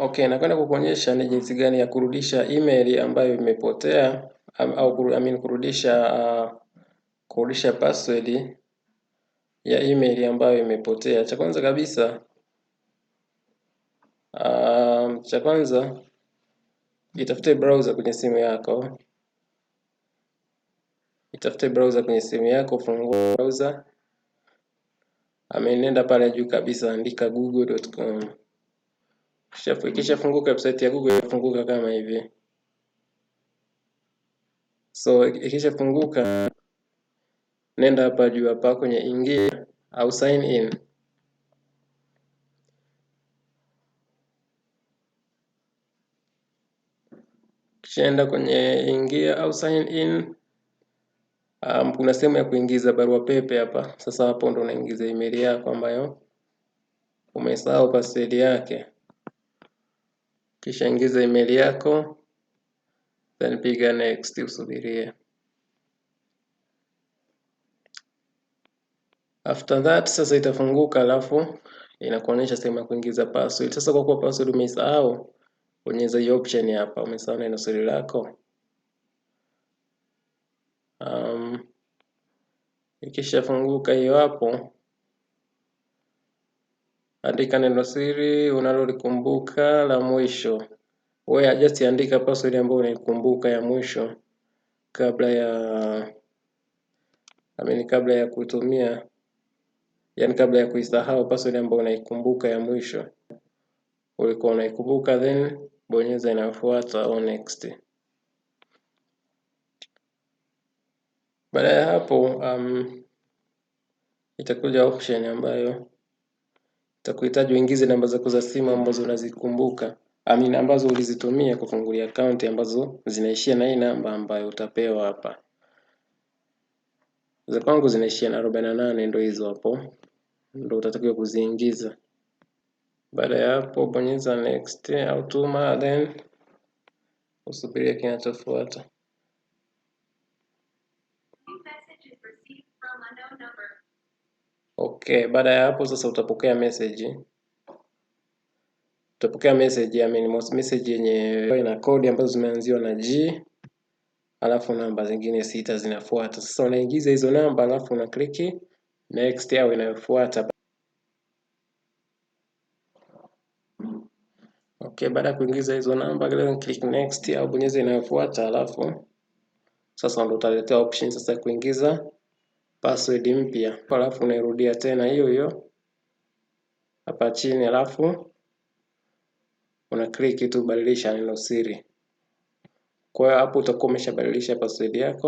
Okay, nakwenda kukuonyesha ni jinsi gani ya kurudisha email ambayo imepotea au kuru, I mean, kurudisha uh, kurudisha password ya email ambayo imepotea. Cha kwanza kabisa um, cha kwanza itafute browser kwenye simu yako, itafute browser kwenye simu yako, fungua browser, amenenda pale juu kabisa, andika google.com funguka website ya Google funguka kama hivi. So funguka, nenda hapa juu hapa kwenye ingia au sign in. Kishaenda kwenye ingia au sign in. Um, kuna sehemu ya kuingiza barua pepe hapa. Sasa hapo ndo unaingiza email yako ambayo umesahau password yake kisha ingiza email yako then piga next, usubirie. After that sasa itafunguka, alafu inakuonyesha sehemu ya kuingiza password. Sasa kwa kuwa password umesahau, bonyeza hiyo option hapa, umesahau neno siri lako. Um, ikishafunguka hiyo hapo Andika neno siri unalolikumbuka la mwisho. Wewe just andika password ambayo unaikumbuka ya mwisho kabla ya mean, kabla ya kutumia, yani kabla ya kuisahau password ambayo unaikumbuka ya mwisho ulikuwa unaikumbuka, then bonyeza inayofuata au next. Baada ya hapo um, itakuja option ambayo utakuhitaji uingize namba zako za simu ambazo unazikumbuka, amin, ambazo ulizitumia kufungulia akaunti ambazo zinaishia na hii namba ambayo utapewa hapa. Za kwangu zinaishia na arobaini na nane, ndio hizo hapo, ndio utatakiwa kuziingiza. Baada ya hapo, bonyeza next au tuma, then usubiria kinachofuata. Okay, baada ya hapo sasa utapokea message. Utapokea message, ya mean message yenye ina kodi ambazo zimeanziwa na G alafu namba zingine sita zinafuata. Sasa unaingiza hizo namba alafu una click next au inayofuata. Okay, baada ya kuingiza hizo namba click next au bonyeza inayofuata, alafu sasa ndio utaletea option sasa kuingiza password mpya, alafu unairudia tena hiyo hiyo hapa chini, alafu una click tu badilisha neno siri. Kwa hiyo hapo utakuwa umeshabadilisha password yako.